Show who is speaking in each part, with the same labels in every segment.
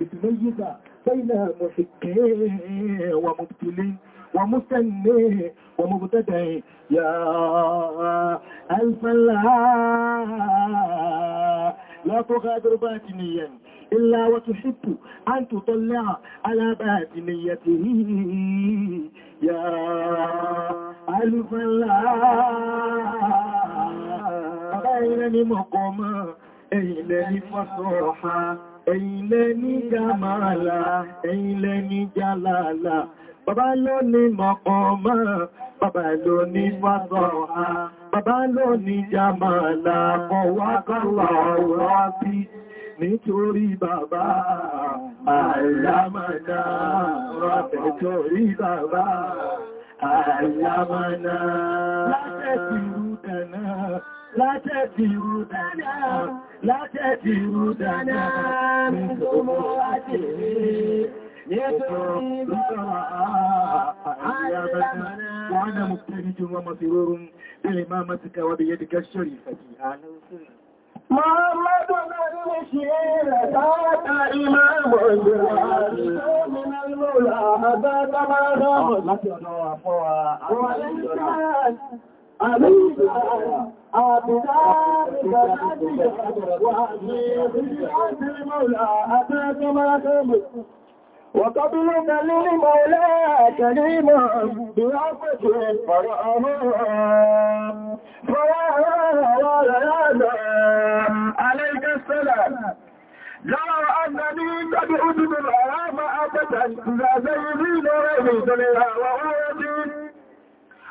Speaker 1: التي تميز بين محكيه ومبتلين ومستنيه ومبتدعي يا الفلاح لا تغادر باطنيا إلا وتحب أن تطلع على باطنيته يا الفلاح أين لمقومة أين لفصوحة ẹ̀yin lẹ́ni jàmàlà ẹ̀yin lẹ́ni jàlàlà bàbá ló ní mọ̀kànmá bàbá ló ní fásọ̀há bàbá ló ní jàmàlà kọwákọ̀lá ọ̀rọ̀ bí nítorí bàbá àìyàmàdá rọ̀bẹ̀ torí bàbá àìyàmàdá láti ẹ̀sìn rú látẹ̀bìrú dáadáa, látẹ̀bìrú dáadáa, nítorí àjẹ́ nítorí bọ́rọ̀ àyàbẹ̀rẹ̀ wọ́n na mọ̀tẹ́ríjú wọn mafi rọrùn tẹ́lẹ̀ máa mọ́tíkà wọ́bẹ̀ yẹ́ dìgá ṣọ́rì ìfẹ̀kì Muhammadu Bari ṣe rẹ̀ tààtà ìmọ̀ ìgbòrò àti ọmọ ìlúlọ àbẹ́ tàbádọ́ آبتاب بلادك وعزيز عند المولى أتاك ملك وقبلك للمولى كريما بعفة فرعه فرعه وليانا عليك السلام لو أنني قد أجد الحرام أبدا إذا زيدين رأيت لها وهو يدين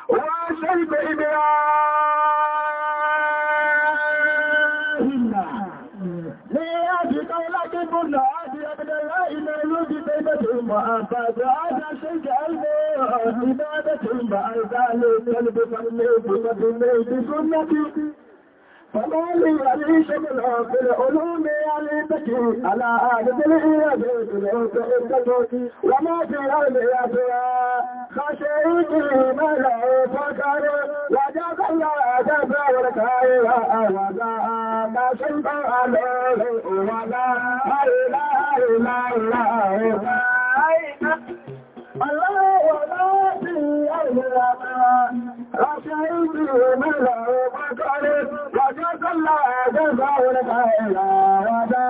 Speaker 1: وأشهد إبراهيم عبادة مع بعض عادة تجعلني عبادة مع الظالم قلب فليت مدنيت سنتي فمالي علي شمل في العلوم علي بكي على عادة الإيادة العوث إبتكي وما في عالي يا خشيت الملأ فكر وجد الله تبارك وعلا ما شئت عليه ولا إله إلا الله الله ولا في الأرض خشيت الملأ فكر وجد الله تبارك وعلا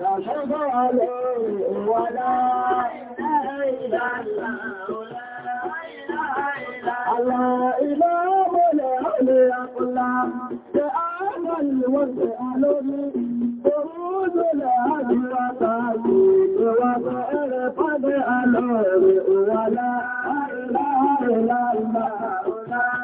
Speaker 1: ما شئت عليه ولا إله إلا الله على إمام الأولياء تعامل واسألني ورود الهدي وتعطيك وبئر قد ألوم ولا إله إلا الله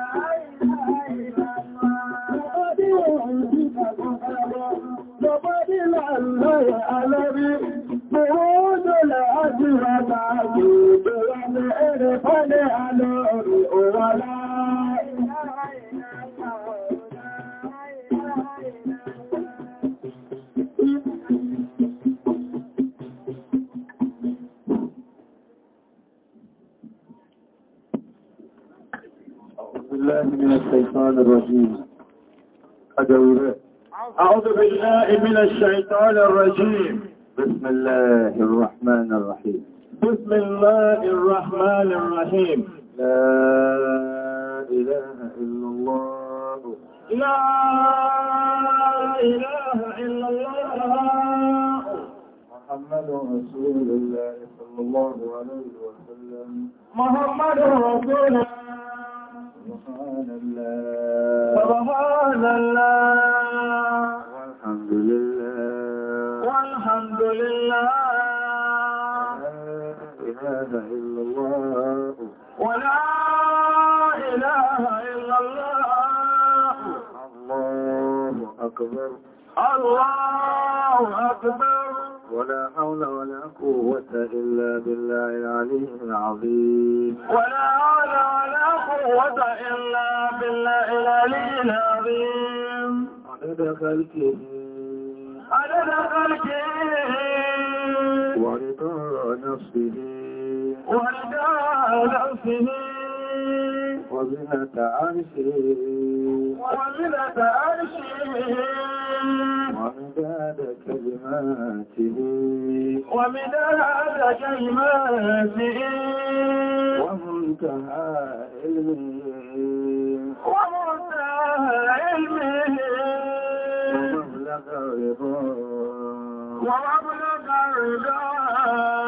Speaker 1: الشيطان الرجيم أدورة أعوذ بالله من الشيطان الرجيم بسم الله الرحمن الرحيم بسم الله الرحمن الرحيم لا إله إلا الله لا إله إلا الله محمد رسول الله صلى الله عليه وسلم محمد رسول الله سبحان الله والحمد لله والحمد لله لا إله إلا الله ولا إله إلا الله الله أكبر الله أكبر ولا حول ولا قوة إلا بالله العلي العظيم ولا حول ولا قوة إلا بالله العلي العظيم عدد خلقه عدد خلقه ورضا نفسه ورضا نفسه وزنة عرشه وزنة عرشه ومداد كلماته ومنتهى علمه ومنتهى علمه ومبلغ رضاه ومبلغ رضاه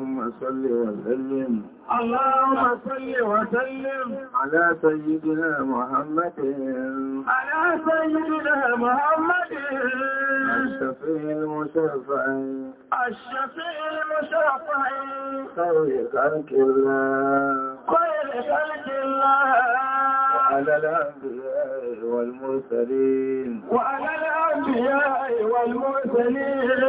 Speaker 1: اللهم صل وسلم اللهم صل وسلم على سيدنا محمد على سيدنا محمد الشفيع المشفع الشفيع المشفع خير خلق الله خير خلق الله وعلى الأنبياء والمرسلين وعلى الأنبياء والمرسلين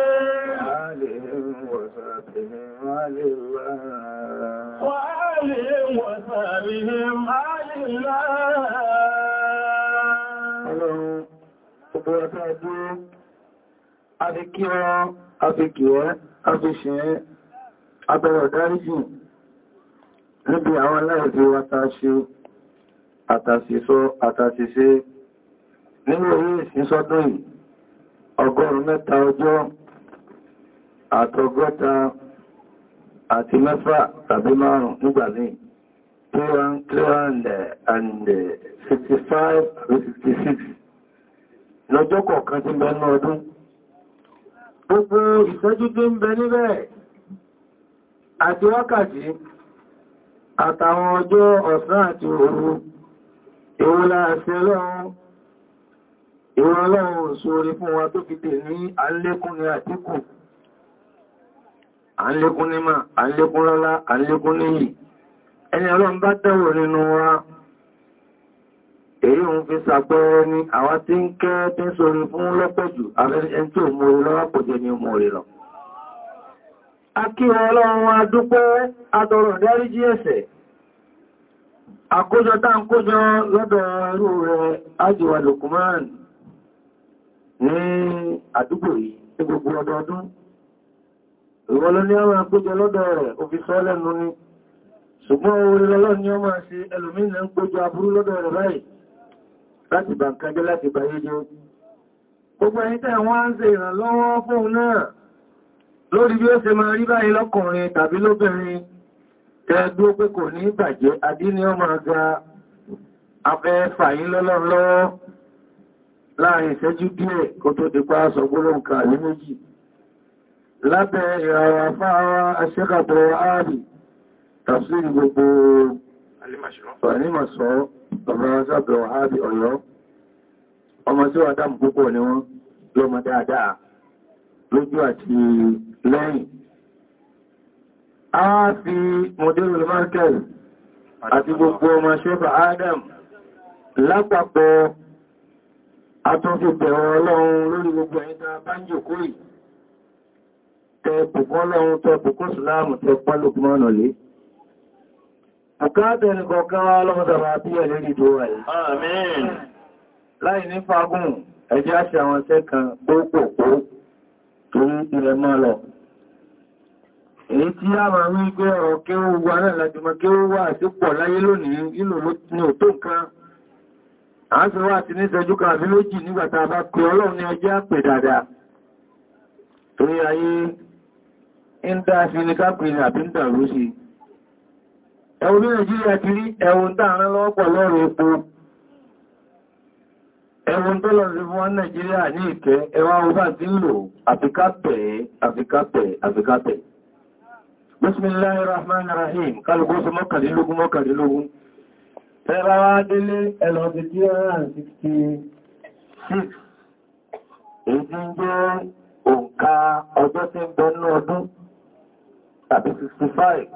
Speaker 1: عليهم وصحبهم وعلى الله وعليهم وسابهم عن الله Ọlọ́run, gbogbo ọ̀tá dúró, a fi kí wọn, a fi kí ẹ, a fi ṣe ẹ, a bẹ̀rẹ̀ níbi àwọn aláìsí wa ta ṣe àtàṣìṣọ́ àtàṣìṣe nínú orí ìsinsọ́dún yìí, ọgọ́rùn mẹ́ta ọjọ́ àtọgọ́ta àti mẹ́fà tàbí márùn-ún nígbàlẹ́yìn. 365-66 lọ́jọ́ kọ̀ọ̀kan tí bẹ ní ọdún. Gbogbo ìṣẹ́jú tó ń bẹ níbẹ̀ àti wákàtí àtàwọn ọjọ́ ọ̀sán àti òru ìwọ́lá àṣẹ lọ́run ìwọ́lọ́run òṣòrí fún wa tó fi dè ní àlékún ní àtíkù àlékún ní mà àlékún lọ́lá àlékún níyìí ẹni ọlọ́run bá dẹ̀wò nínú wa èyí òun fi sàpẹẹrẹ ní àwọn tí ń kẹ́ tí ń sórí fún lọ́pọ̀jù afẹ́fẹ́ tí ò mú orí lọ́wọ́pọ̀jẹ́ ni mú orí lọ akíwọ ọlọ́run a dúpẹ́ atọrọ̀ dáríjì ní àwọn àkójọ lọ́dọ̀ rẹ̀ òfin sọ́lẹ́nu ni ṣùgbọ́n olólọ́rọ̀ ni ó máa ṣe ẹlòmínà ń gbójú aburú lọ́dọ̀ rẹ̀ báyìí láti bà nǹkan jẹ́ láti bàyé jẹ́ gbogbo ẹni tẹ́ wọ́n ń ṣe ìrànlọ́wọ́ fóun náà lórí bí ó ṣe máa rí báyìí lọ́kùnrin tàbí lóbìnrin tẹ́gbó pé kò ní bàjẹ́ adí ni ó máa tàṣírí gbogbo ọ̀nímọ̀ṣọ́ bàbá sábẹ̀ ọ̀hábì ọ̀yọ́ ọmọ tí wà dáàmù púpọ̀ ni wọ́n lọ́mọ dáadáa lójú àti lẹ́yìn a fi mọ̀dẹ́rù markel àti gbogbo ọmọ ṣẹ́fà adam lápapọ̀ atọ́fẹ́fẹ́ ọlọ́run lórí gbogbo ẹ̀yìnta bánjò kúrì tẹ́ẹ̀pù kọ́ lọ́run tẹ́ẹ̀pù kọ́ sùlámù tẹ́ẹ̀pù lókùnmọ́nà lé Bùkátà ẹni kọ̀ọ̀kan wá lọ́mọdàbà bí ẹlẹ́rì tó wà yìí. Àmín. Láì ní fagún, ẹjẹ́ àṣẹ àwọn ṣẹ́ kan gbóòpòpó torí ilẹ̀ mọ́ lọ. Èyí tí a máa ń gbé ọ̀rọ̀ kí ó wà náà lájúmọ́ kí ó wà sí pọ̀ láyé lónìí ìlò ní òtó nǹkan. A ń sọ wá ti ní ìṣẹ́jú kan àbí méjì nígbàtà bá pe Ọlọ́run ní ẹjẹ́ àpè dáadáa. Torí ayé ń dá sí ní kápẹ́ ní àbí ń ẹ̀wọ̀n ní nàìjíríà ti rí ẹ̀wọ̀n dáàrán lọ́pọ̀ lọ́rọ̀ epo ẹ̀wọ̀n tó lọ sí fún nàìjíríà ní ìkẹ́ ẹwà ọba tí ń lò àfikápẹ̀ àfikápẹ̀ àfikápẹ̀ bismillahir rahmanir rahim kálùkú sí mọ́kànlélógún mọ́kànlélógún tẹ́lá wá délé ẹlọ́dí 366 èyí tí ń jẹ́ òǹkà ọjọ́ tí 65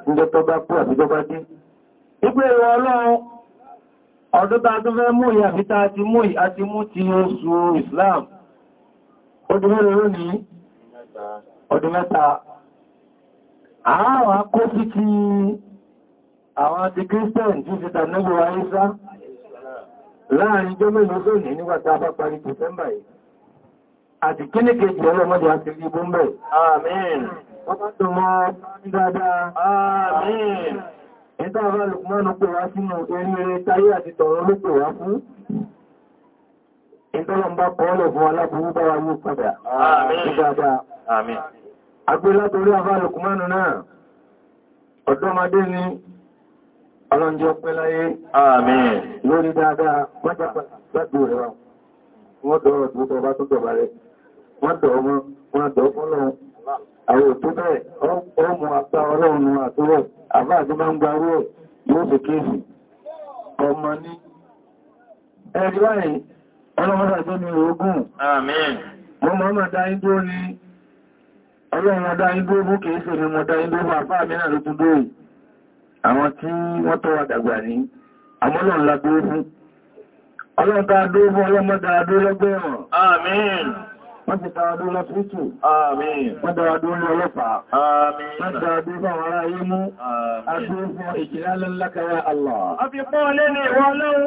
Speaker 1: ń jẹ́ tọ́gbá kú àbíjọba dín Ipé ìwọ̀ ọlọ́run ọdún ta tó fẹ́ mú ìyà àfíta ti mú ìyà ti mú ti oṣù Islam. Ọdún mẹ́rin lónìí, ọdún mẹ́ta. Àwọn akó sí ti àwọn ti Christian tí ti tàbí wa Isa láàrin jọ mẹ́rin lónìí nígbàtà bá parí December yìí. Àti kíníkèjì ọlọ́mọdé àti rí bọ́m̀bẹ̀. Àmín. Wọ́n bá tó ẹ̀ta àwọn alùpùmọ́nù pè wá sínú eré táyé àti tọ̀rọ ló pè wá fún ìtọ́lọ̀mbá pọ̀ọ́lọ̀ fún aláburú bá wa yóò padà àmín agbé látorí àwọn alùpùmọ́nù náà ọ̀dọ́mọdé ni ọlọ́njọ́ pẹ́ láyé àmín lórí dáadáa mọ́jápàdé rẹ̀ wọ́n dọ̀rọ̀ tó tọ́ bá tó tọ̀ bá rẹ̀ wọ́n dọ̀ ọmọ wọ́n dọ̀ ọpọlọ àwọn òtó bẹ́ẹ̀ ó mú apá ọlọ́run àtúrẹ̀ àbá àti bá ń gba owó yóò sì kéèsì ọmọ ní ẹ̀rí báyìí ọlọ́mọdàjọ́ ní ogun mo mọ́ mọ́ dá igbó ní ọlọ́run ọdá igbó bú kéèsì ni mo dá igbó bú àpá mi náà ló tún dóì àwọn tí wọ́n tọ́ àdàgbà ní àmọ́lọ́run la dúró fún ọlọ́run ta dúró fún ọlọ́mọdà dúró lọ́gbẹ̀rún wọ́n ti tàà dúró lọ́pítù, wọ́n dára dúró ní ọlọ́pàá, wọ́n dára dúró fún àwọn ará yé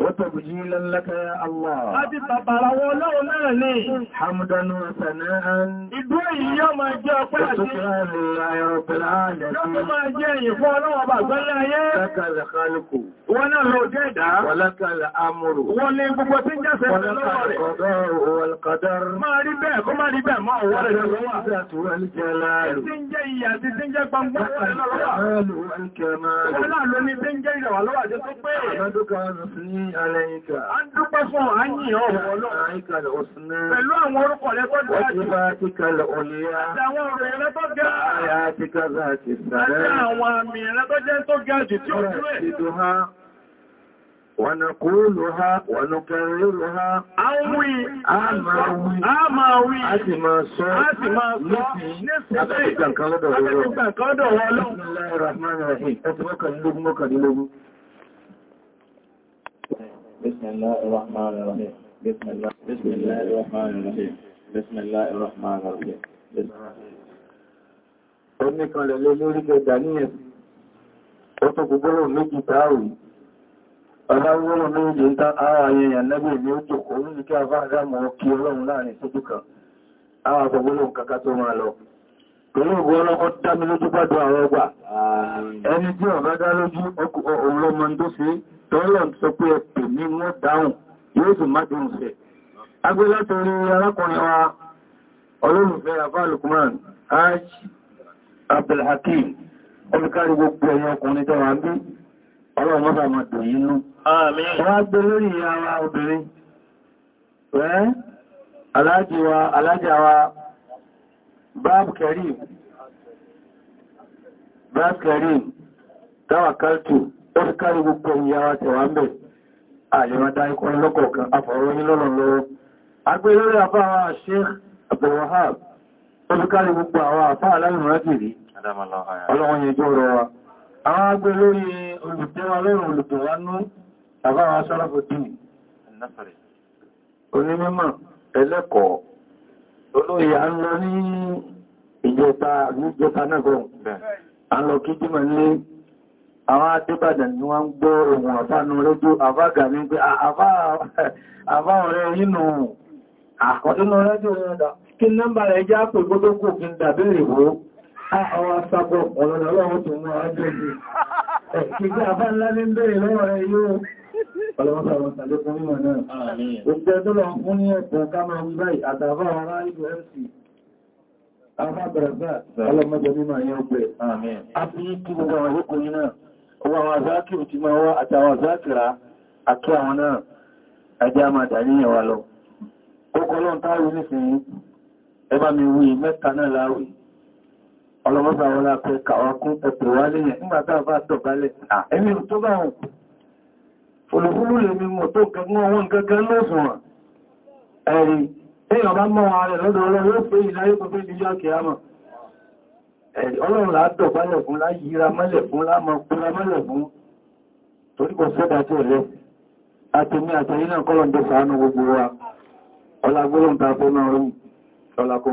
Speaker 1: وتبجيلا لك يا الله أبي بابا ولو ناني حمدا وثناء إدوي يوم أجاب وشكرا لله رب العالمين يوم أجاب فولو بابا لك الخلق وانا الوجيدة ولك الأمر ولي بقوتين جسد ولك القضاء والقدر ما ربك ما ربك ما هو العزة والجلال تنجي تنجي بمبوك الجمال والكمال ولا لوني تنجي ولو أجاب حمدك نصير aláìkà. A ń dúpẹ́ fún àyìn ọ̀rọ̀ ọlọ́run. Àyíkà lọ ọ̀sánà. Pẹ̀lú àwọn orúkọ lẹ́gbọ́dọ̀ láti. Wọ́n ti bá ti kalẹ̀ ọ̀lẹ́yà. Àtàwọn ọ̀rọ̀ ẹ̀rẹ́ tó gá. Àyà ti kàzà ti sàrẹ́. Àtàwọn àmì ẹ̀rẹ́ tó jẹ́ tó gá jù tí ó dúrẹ̀. Wànàkúlùhá, wànàkẹrẹrùhá, a ń wí, a máa wí, a máa wí, a sì máa sọ, a sì máa sọ, nífẹ̀ẹ́ àtàkìgbà kan lọ́dọ̀ ọlọ́run. Àtàkìgbà kan lọ́dọ̀ ọlọ́run. Bismillahir Rahmanir Rahim, ẹ بسم الله الرحمن الرحيم بسم الله بسم الله الرحمن الرحيم بسم الله الرحمن الرحيم Omi kan lè lé lórí gẹ̀dà ní ẹ̀sì, ó tó gbogbo méjì táàrù, ọláwọ́rọ̀ méjì ń tán ara ayẹyàn lẹ́gbẹ̀ẹ́ ní ó jòkó ní kí a bá dámọ̀ kí ọlọ́run láàrin sójú kan, ara gbogbo kàkà tó máa lọ. Pẹ̀lú ògbò ọlọ́kọ́ dámi lójú pàdó àwọn ọgbà, ẹni tí ọ̀gá dá lójú ọlọ́mọ tọ́lọ̀ sọ pé ẹ̀pẹ̀ ní wọ́n dáhùn yóò sì má dùn sẹ̀. agbé látorí arákùnrin wa olólùfẹ́ afáàlùkùnmán hajj abdulhakeem olùkárí gbogbo ẹ̀yàn ọkùnrin tọ́wà ń bí ọlọ́run mọ́ta máa dùn yín nú wọ́n gbé lórí ara obìnrin rẹ̀ alájíwa alájáwa bab ó ti kárí gbogbo ìyá wa tẹ̀wà ń bẹ̀ àlèmọ́dá ikọ́ lọ́kọ̀ọ̀kan afọ̀rọ̀yìn lọ́rọ̀ lọ́wọ́ agbé lórí afáwà Sheikh Abdul Wahab ó ti kárí gbogbo àwọn afá aláìmọ̀rátìrí ọlọ́wọ́n yẹjọ́ rọ wa àwọn agbé lórí olùdẹ́wà lọ́rùn olùdẹ̀wánú àbáwọn Sharafuddin onímọ̀ ẹlẹ́kọ̀ọ́ olóyè à àwọn adébàdàn ni wọ́n ń gbọ́ ohun àfánú lójú àfágà ní pé ah, àfá ọ̀rẹ́ inú àkọ̀dínú rẹ́jù rẹ̀dà kí nọ́mbà rẹ̀ já pè gbogbo kò kí ń dàbẹ̀rẹ̀ wó àwọn ah, asapọ̀ ọ̀rọ̀ ọlọ́run tó mú àjọ́ ìdí kìí àfá ńlá ní bèèrè lọ́wọ́ rẹ̀ yóò ọlọ́run sàlékún mímọ̀ náà òjẹ́ tó lọ fún ní ẹ̀kùn kámọ̀ wíbáyì àtàfà ọ̀rá ìlú mc àwọn àgbàràgbà ọlọ́mọdé mímọ̀ yẹn ó pẹ̀ àfi kí gbogbo àwọn ìlú náà ọwọ́ àwọn azákìrù ti máa wá àtàwọn azákìrà àkí àwọn náà ẹjá máa dàníyàn wa lọ kókó lọ́n ni nísìnyí ẹ bá mi wí mẹ́ta náà láwí ọlọ́mọ́sà wọn lápẹ́ kàwákún ẹ̀pẹ̀ wá léyàn nígbàtà bá dọ̀bálẹ̀ ẹ̀mí tó bá wọn olùfúnlú lè mi mọ̀ tó gẹ̀gún ọwọ́n gẹ́gẹ́ lọ́sùnwọ̀n ẹ̀rí tí ọba mọ́ wọn rẹ̀ lọ́dọ̀ ọlọ́rọ̀ ó pé ìlàyé kò fẹ́ ìdíjọ́ kìí ọlọ́run la bálẹ̀ fún láyíra mọ́lẹ̀ fún lámọ́kúnlá mọ́lẹ̀ fún torí kò sẹ́dá tí ó lẹ́ àtẹ̀mí àtẹ̀yí náà kọ́lọ̀ tó sàánú gbogbo wa ọlágbóhùn ta fẹ́ náà rí ọlákún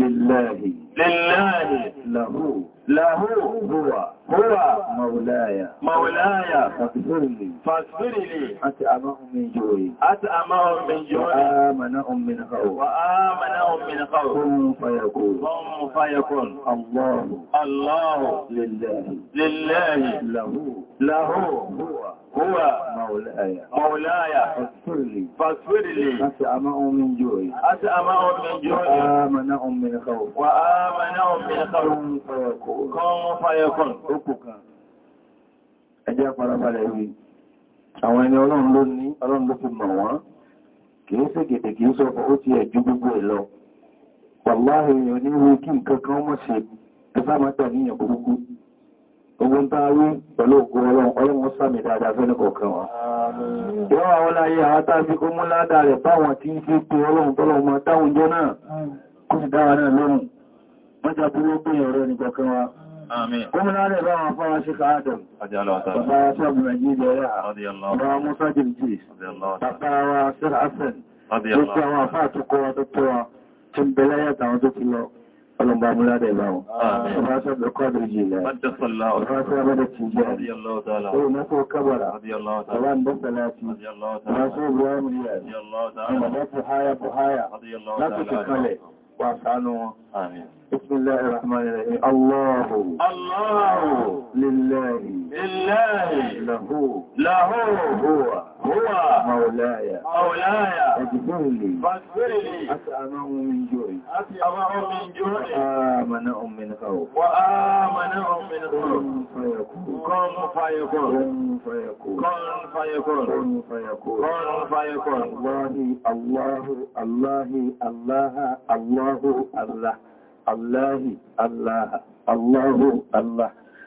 Speaker 1: lillahi لله له له هو هو مولاي مولاي فاصبر لي فاصبر لي أتأمهم من جوعي أتأمهم من جوعي وآمنهم من خوف وآمنهم من خوف هم فيكون هم فيكون الله الله لله لله له له هو هو مولاي مولاي فاصبر لي فاصبر لي أتأمهم من جوعي أتأمهم من جوعي ام من خوف وآمنهم آمنوا بالقوم قوم فيكون أكوكا ẹjẹ́ parabalẹ̀ ìwé àwọn ẹni ọlọ́run ló ní ọlọ́run ló fi mọ̀ wọ́n kìí sí gẹ̀dẹ̀ kìí sọ fọ́ ó ti ẹ̀jú gbogbo ẹ̀ lọ wàláhì èèyàn ní wí kí nǹkan kan mọ́ sí ẹsámátà níyàn gbogbo ogun táwí pẹ̀lú ògùn ọlọ́run ọlọ́run sàmì dáadáa fẹ́ nìkọ̀ọ̀kan wọn yọ́ mọ́ta búrú pé ọ̀rọ̀ nìkan kan wa Kuma na da bawa fara shi ka Adam, babawa Shabu Najida ya, babawa Musa Jirgis, babawa Sir Hassan, duk yawa fata kowa tattowa, tun bela ya tawa duk yau. Ọlọ́run bá múlá dẹ̀ bá wọn. Ọba sábẹ̀ kọ́dù jìlẹ̀. Ọba sábẹ̀ da tìjẹ́. Ọlọ́run mọ́kọ̀ kábàrà. Ọba ń dọ́ta láti. Ọba sábẹ̀ wọ́n mú yẹ̀. Ọba bá buhaya buhaya. وأسعانه آمين بسم الله الرحمن الرحيم الله الله لله لله له له هو هو مولاي مولاي اجبر لي فاغفر لي أسأمه من جوعي أسأمه من جوعي وآمنه من خوف وآمنه من خوف كن فيكون كن فيكون كن فيكون كن فيكون كن فيكون الله الله الله الله الله الله الله الله الله الله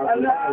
Speaker 1: Allah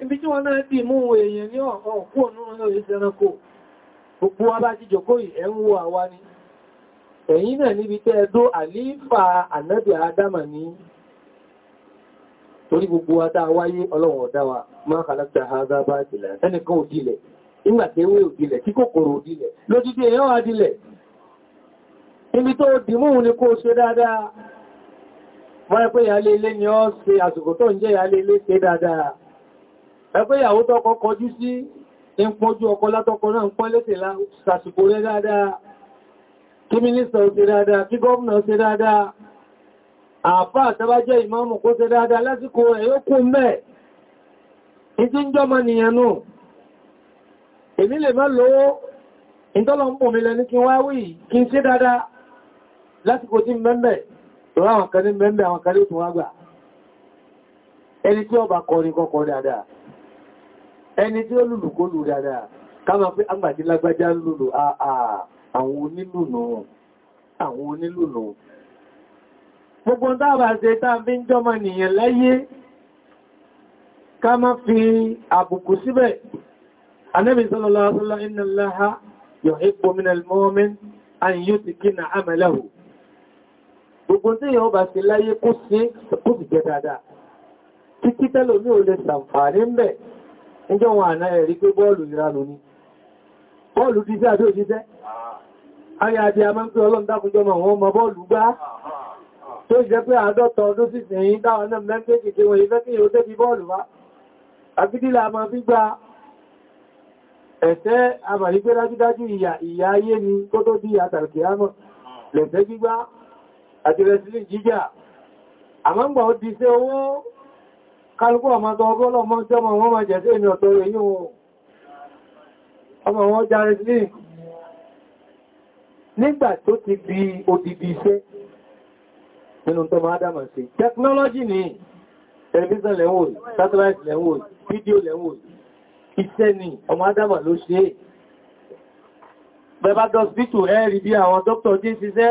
Speaker 1: Ibi tí wọ́n náà dì mú èèyàn ní ọ̀kan òkú ọ̀nà ọ̀nà ìṣẹ́ranko, gbogbo wa bá ti ni. Ẹ̀yìn náà níbi tẹ́ ẹdó àlífà ànábì Ádámà ní gbogbo wa wáyé ọ̀dá wa, níbi tó dìmú ní kó ṣe dáadáa wọ́n pé ìyálé ilé ni ó ṣe àsìkò tó ń jẹ́ ìyálé ilé ṣe dáadáa ẹgbẹ́ ìyàwó tọ́kọ kọjú sí ìpọ́jú ọkọ látọ́kọ náà ń pọ́n létè sàsìkò rẹ̀ dáadáa kí mínísítà ó ṣe dáadáa kí gọ́ọ̀nà ó ṣe dáadáa àfáà tẹ́bá jẹ́ ìmáàmù kó ṣe dáadáa lásìkò rẹ̀ yóò kú mẹ́ ìdí ń jọmọ nìyàn nù èmi lè má lówó ìtọ́lọ̀ mi lẹ́ni kí wá kí n ṣe dáadáa lásìkò tí mẹ́mẹ́ tó ráwọn kan ní mẹ́mẹ́ àwọn kan ní òtún wágbà ẹni tí ó bá kọrin kọkọ dáadáa ẹni tí ó lùlù kó lù dáadáa ká máa pé àgbàdí lágbájá lùlù àwọn onílùnù àwọn onílùnù gbogbo dáàbà ṣe táà fi ń jọmọ nìyàn láyé ká má fi àbùkù síbẹ̀ Ànábì sallallahu alaihi wasallam inna Allaha yuhibbu minal mu'min an yutqina amalahu gbogbo tí yóò bá ti láyé kó sí kó sì jẹ dáadáa títí tẹ́lò ní olè sàǹfààní mẹ́ ẹjọ́ wọn àná ẹ̀rí pé bọ́ọ̀lù ìranù ni bọ́ọ̀lù ti sí àdó òṣìṣẹ́ ayáàdì a máa ń pé ọlọ́ndákùnjọ́ mọ̀ wọ́n mọ bọ́ọ̀lù gbá tó jẹ́ pé àádọ́ta ọdún sí sẹ́yìn dáwọn náà mẹ́gbẹ́gbẹ́ tí wọ́n ìfẹ́ kí yóò débi bọ́ọ̀lù wá àgídílà máa fi gba ẹ̀sẹ́ àmàrígbé dájúdájú ìyà ayé ni kó tó di àtàlùkì ámọ̀ lẹ̀sẹ́ gbígbá àti rẹ̀sílì jíjà àmọ́gbà ó di sí owó kálùkù àmọ́tọ̀ ọgọ́lọ̀ mọ́ tí ọmọ wọn máa jẹ́ sí èmì ọ̀tọ̀ rẹ̀ yíò ọmọ wọn já rẹ̀sílì nígbà tó ti bí odidi iṣẹ́ nínú tó máa dámà sí technology ni television lẹ́wọ̀n satellite ni ọmọ adámà ló ṣe bẹ̀bá dọ́sbítù ẹ́rì bí àwọn dókítà jí ṣiṣẹ́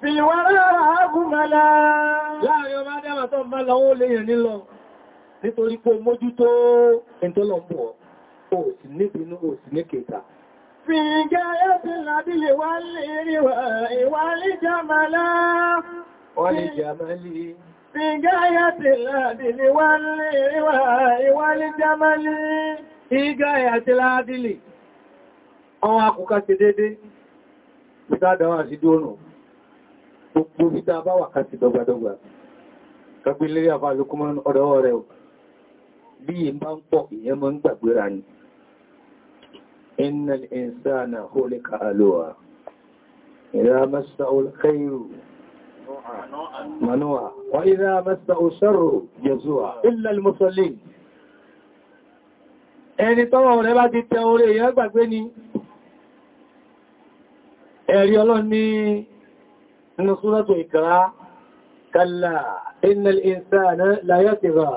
Speaker 1: Fìwárá àgúnmọ́lá. Láàrin ọmọ Adẹ́mà tó bá lọ ó léyìn nílọ nítorí pé mójútó ìtọ́lọ̀pọ̀ ò sì nípinú ò sì ní kẹta. Fi gẹ́rẹ́ sí làbílẹ̀ wá lè rí wà lè jàmàlá. Wọ́n Fi gẹ́rẹ́ sí làbílẹ̀ wá lè rí wà lè jàmàlì gbogbo bíta bá wà ká ti dọ́gbàdọ́gbà kàgbé lérí àfàlùkúmọ́ ọ̀dọ́wọ́ rẹ̀ bí i bá ń pọ̀ ìyẹn mọ́ ń gbàgbéra ni innal insana khuliqa halu'a idha massahu al-khayru manu'a wa idha massahu ash-sharru illa al-musallin ẹni tọ́wọ́ rẹ̀ bá ti tẹ nínú súrọ́tù ìkàrá kalla innal insana la yatgha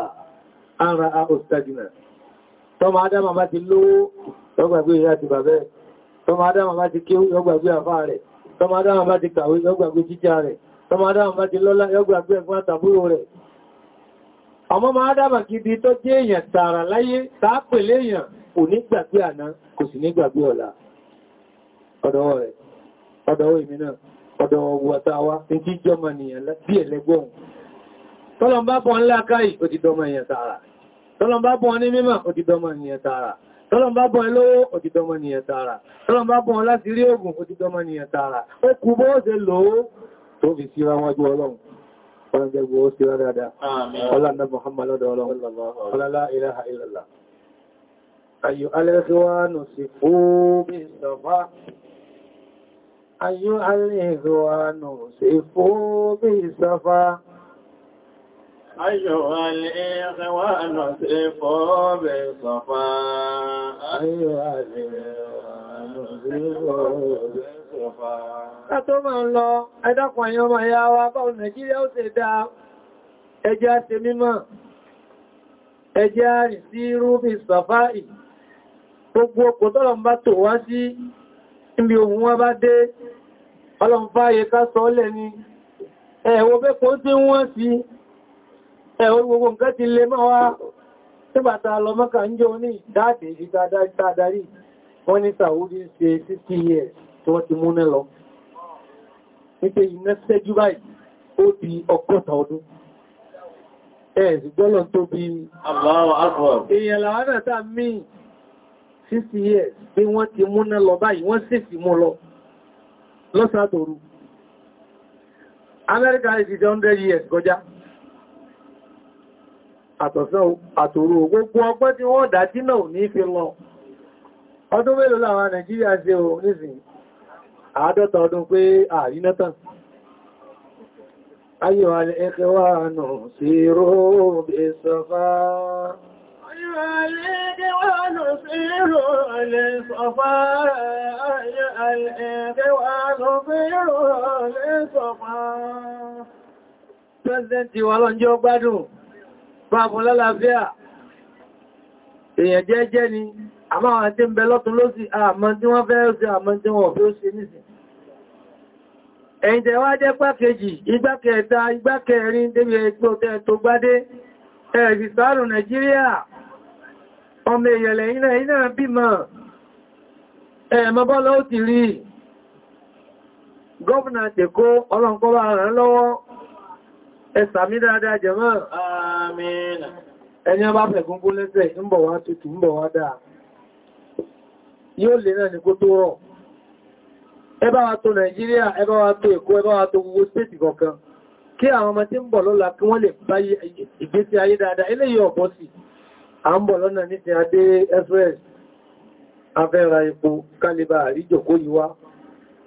Speaker 1: ara àòsìtàjìnà tọ́mọ adama bá ti lówó yọ́gbàgbé ìyá ti bàbẹ́ tọ́mọ adama bá ti kéwú yọ́gbàgbé àfá rẹ̀ tọ́mọ adama bá ti kàwé yọ́gbàgbé jíjá rẹ̀ tọ́mọ adama bá ti lọ́lá yọ́gbàgbé ẹ̀gbọ́n àtàbúrò rẹ̀ ọmọ ma adama gidi tó jẹ́ èèyàn tààrà láyé tàápẹ̀lẹ̀ èèyàn kò ní gbàgbé àná kò sì ní gbàgbé ọ̀la ọ̀dọ̀wọ̀ rẹ̀ ọ̀dọ̀wọ̀ ìmìnà ọ̀dọ̀ ọgbọ̀tàwà tí kí jọmọ nìyàn bí ẹlẹ́gbọ́n tọ́lọmbá bọ́ ńlá káì ó ti dọmọ èèyàn tààrà tọ́lọmbá bọ́ ní mímọ̀ ó ti dọmọ èèyàn tààrà tọ́lọmbá bọ́ ẹlówó ó ti dọmọ èèyàn tààrà tọ́lọmbá bọ́ láti rí ogun ó ti dọmọ èèyàn tààrà ó kú bó ó ṣe lòó tó fi síra wọn ju ọlọ́run ọlọ́run ó sí fún أيها الإخوان سفوا بالصفا أيها الإخوان سفوا بالصفا أيها الإخوان سفوا بالصفا Àtọ́ máa ń lọ, ẹ̀dàkùn àyàn ọmọ ìyá wa báwo Nàìjíríà ó ṣe dá ẹjẹ́ àti mímọ̀, ẹjẹ́ àrìsí rúbì sàfáì, níbi ohun wọn bá dé ọlọ́nfàáyé ká sọ́ọ́lẹ̀ ni ẹ̀wọ́ bẹ́kọ́ tí wọ́n sí ẹ̀wọ́ gbogbo nǹkan ti lè máa wá tíbàtà lọ mọ́kà ń jọ ní ìdáàdì ìdádarí wọ́n ní Saudi ṣe 60 years tí wọ́n ti múnẹ́ lọ wípé iná sẹ́jú báyìí ó di ọgọ́ta ọdún ẹ̀ẹ̀sì gbọ́lọ̀ tó bí Allahu Akbar 60 years bí wọ́n ti múná lọ báyìí wọ́n sì fi mú lọ lọ́sàtòrú Amẹ́ríkà ti jẹ́ 100 years kọjá àtọ̀sán àtòrú gbogbo ọgbọ́n tí wọ́n dá tí náà ní fi lọ ọdún mélòó láwọn nigeria ṣe o nísìn àádọ́ta ọdún pé àrínátàn ayọ̀ ẹ̀kẹwàá nù sí róòbẹ̀ sọfáà الوليد ونصير للصفاء الإيد Pẹ́sẹ̀ntì wa jẹ́ lálàáfíà, èèyàn jẹ́jẹ́ ni, àmá àwọn àti ń bẹ lọ́tún lósì àmọ́ tí wọ́n fẹ́ àmọ́ tí wọ́n fẹ́ sí nìsìn. Ẹ̀yìn tẹ̀wá jẹ́ pàkejì, igbákẹta, igbákẹrin débi ẹgbẹ́ ọmọ èyẹ̀lẹ̀ iná iná bímọ ẹ̀mọ́ bọ́lá ó ti rí gọ́ọ̀nà tẹ̀kó ọlọ́nkọ́wà rán lọ́wọ́ ẹ̀sàmí dáadáa jẹ̀mọ́ àmín ẹni ọba fẹ̀kún lẹ́sẹ̀ tutù dáa yóò lè náà ní kó gbogbo stéètì kọ̀ọ̀kan kí àwọn ọmọ tí ń bọ̀ lọ́la kí wọ́n lè ìgbésí ayé dáadáa eléyìí a ń bọ̀ lọ́nà ní ti adé express afẹ́ra epo kálíbà àríjòkó yíwá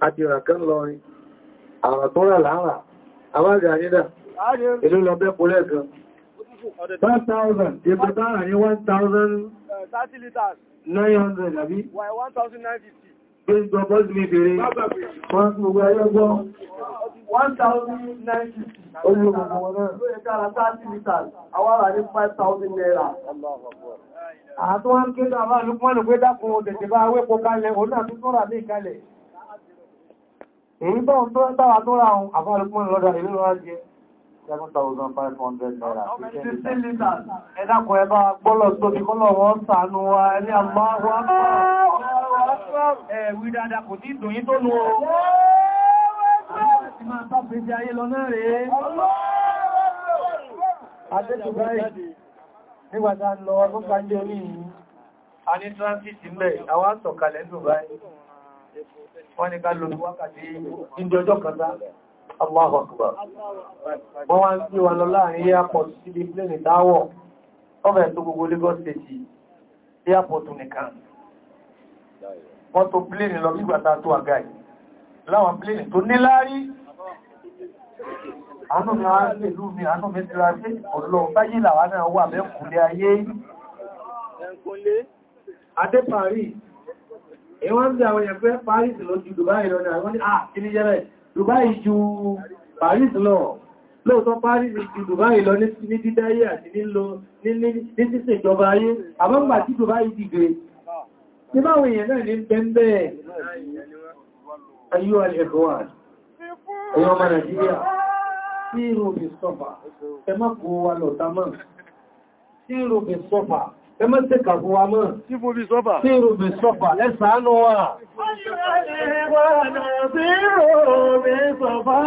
Speaker 1: àti ìràkán lọrin àrà tó rà láàrà àwágà nídà ìlú lọ bẹ́ polẹ́ kan 1,000 ìpàtàrà ní 1,000 900 àbí 1,950 Gbẹ́gbọ́ bọ́ọ̀lù ìbèrè, wọ́n tí gbogbo ẹyẹ gbọ́, 1,090 olùgbogbo wọn náà, ló yẹ kára 30 litres, àwọn ní 5,000 naira. Àtọ́ wọn kí Èyí tó ń tó ra ohun, àfáà lùkún wọn lọ́dà ìlú lọ́wọ́ jẹ́ 7,500 naira. Ẹ̀dàkùn ẹbá gbọ́lọ̀ tóbi kọ́lọ̀ wọ́n sànú wa ẹni àmáhùn Ẹ̀wì dada kò tí dùn yí tó nù o. Nígbàtà lọ ọdún kanjẹ́ orí yìí, a ní transit mẹ́, àwọn àtọ̀kalẹ̀ ń Dubai, wọ́n ni ká lò ní wákàtí ìdí ọjọ́ kọta, Allahu Akbar. Wọ́n wá ń pè wà lọ láàrin airport sí ilé plẹ́nì táwọ̀, ọmọ ẹ̀ tó gbogbo wọ́n tó pléènì lọ bígbàtà tó àgá ì láwọn pléènì tó níláárí àánú mi wá pẹ̀lú mi àánú mi tíra sí ọ̀lọ́ báyí làwà náà wà mẹ́kùnlé ayé adé Paris ìwọ́n bí àwọn èèyàn pé Paris ló ju Dubai lọ náà wọ́n ní ah kí ní jẹ́ bẹ́ẹ̀ Dubai ju Paris lọ lóòtọ́ Paris ju Dubai lọ ní dídáyé àti nílò ní sísè ìjọba ayé àbọ́gbà tí Dubai dìgbé Níbáwọn èèyàn náà ní pẹ́ńbẹ́ ayúwà ẹ̀kọ́wàá, ẹ̀yọ́ ọmọ Nàìjíríà, tí ìròbì sọ́fà, ẹmọ́ kò wà lọ̀ta mọ́. Tí ìròbì sọ́fà, ẹmọ́ tẹ́kà fún wa mọ́. Tí ìròbì sọ́fà, lẹ́sàánú wà. ayúwà ẹ̀kọ́wàá,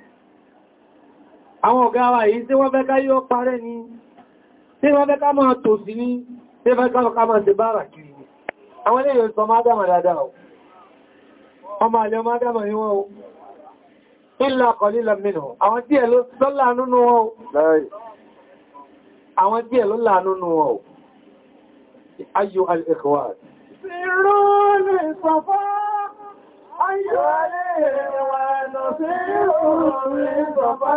Speaker 1: àwọn ọ̀gá wa yìí tí wọ́n fẹ́ ká yọ parẹ́ ni tí wọ́n fẹ́ ká máa tòsí ní tí wọ́n fẹ́ ká máa ṣe bára kiri àwọn ilé ìrọ̀sọ mádàmà dáadáa ọmọ àlẹ́ mádàmà ni wọ́n ìlà kọlílà mìnà àwọn tí ẹ̀ ló láàánú nù wọ́n ayò alẹ́kọ̀wà Sírúnì sọfá, ayò lọ sí ìrùn sọfá.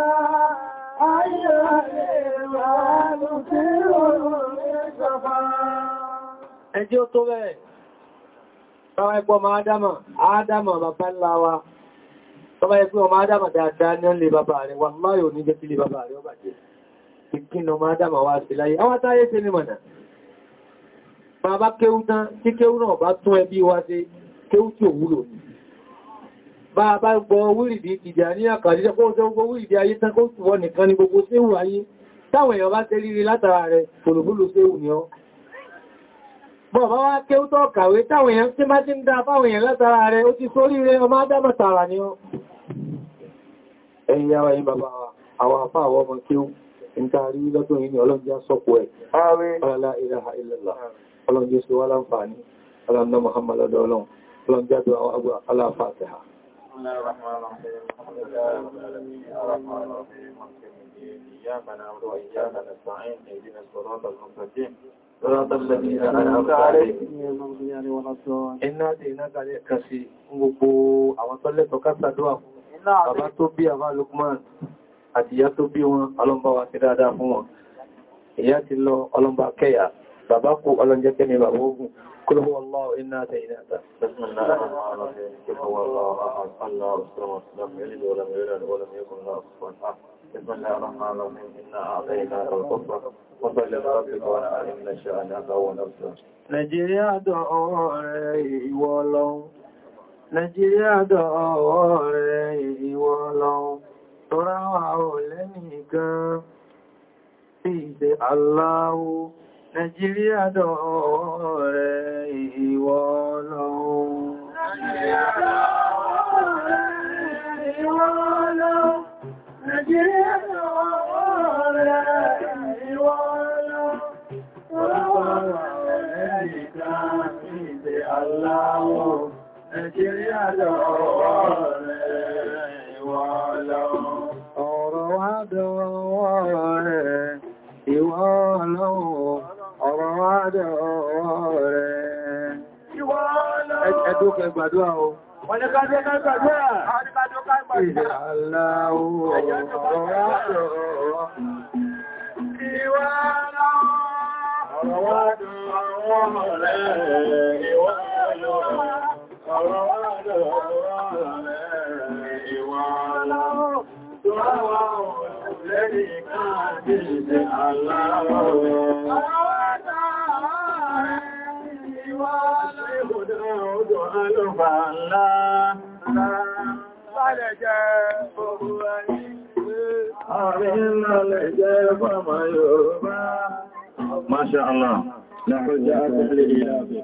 Speaker 1: Ẹjọ́ tó rẹ̀, ọmọ ẹgbọ́ ọmọ Ádámà, Ádámà bàbá ńlá wa, ọmọ ẹgbẹ́ ọmọ Ádámà dáadáa ní ọlè bàbá rẹ̀, wà máa yóò ní jẹ́ sílé bàbá rẹ̀ ọba jẹ́. Ìkínà ọmọ Ádámà wá sí láyé, àwọn táyé ṣe ní mọ̀nà. Bàbá kéwú tán, tí kéwú náà bá tún ẹbí wá sí, kéwú tí ò bá bá gbọ́ wíìdì ìjà ní àkàdíjẹ́ kó jẹ́ gbogbo wíìdì ayé tán kó wọ́n nìkan ni gbogbo séwù ayé táwọn èèyàn bá tẹ́ rírí látara rẹ̀ fòlòbúlò séwù ni ọ́ bọ̀bá wá ké ó tọ́kàwé táwọn èèyàn tí má ti ń dá fáwọn èèyàn látara rẹ̀ ó ti sórí rẹ̀ ọmọ adámọ̀ tààrà ni ọ́ ẹ̀yìn yára yìí bàbá àwọn àpá àwọn ọmọ kí ó ń taari lọ́dún yìí ni ọlọ́njẹ́ sọ́pọ̀ ẹ̀ ọlọ́lá ilaha illallah ọlọ́njẹ́ sí wá láǹfààní بسم الله الرحمن الرحيم الحمد لله رب العالمين الرحمن الرحيم مالك يوم الدين اياك نعبد واياك نستعين اهدنا الصراط المستقيم صراط الذين انعمت عليهم من المغضوب ولا الضالين انا دينك عليك سي gbogbo àwọn tó lẹ́tọ̀ọ́ ká ṣàdúà bàbá tó bí àbá Lukman àti ìyá tó bí wọn ọlọ́mbà wa sí dáadáa fún wọn ìyá ti lọ ọlọ́mbà kẹyà bàbá kú ọlọ́njẹ́kẹ́ ni bàbá ogun kúrò wọ́lọ́ iná àtẹ ìdáta بسم الله الرحمن الرحيم إنا أعطيناك القصة وصل لربك ونعلم لشأنك ونفسك Nàìjíríà dọ̀ọ́ rẹ̀ ìwọ lọ́un. Nàìjíríà dọ̀ọ́ rẹ̀ ìwọ lọ́un. Tọ́ra wà ò lẹ́nìí gan. Ìdè aláwó. Nàìjíríà dọ̀ọ́ rẹ̀ ìwọ lọ́wọ́. Nàìjíríà dọ̀ọ́ rẹ̀ ìwọ lọ́wọ́.
Speaker 2: Nàìjíríà
Speaker 1: dọ̀ọ́ Ọ̀rọ̀ wá dọ̀ọ́ rẹ̀ ìwọ lọ́dọ̀ rẹ̀. Ẹdókẹ gbàdúrà o. Wọ́n ni ká jẹ́ ká gbàdúrà.
Speaker 2: Ìdè aláwò ọ̀rọ̀
Speaker 1: Ìwà ọ̀rọ̀ àwọn ọ̀rẹ́ ìwà ọ̀rọ̀ ìwà ọ̀rọ̀ Ìwà ọ̀rọ̀ lẹ́yìn káàkiri àláwọ̀. Masha Allah, la hujja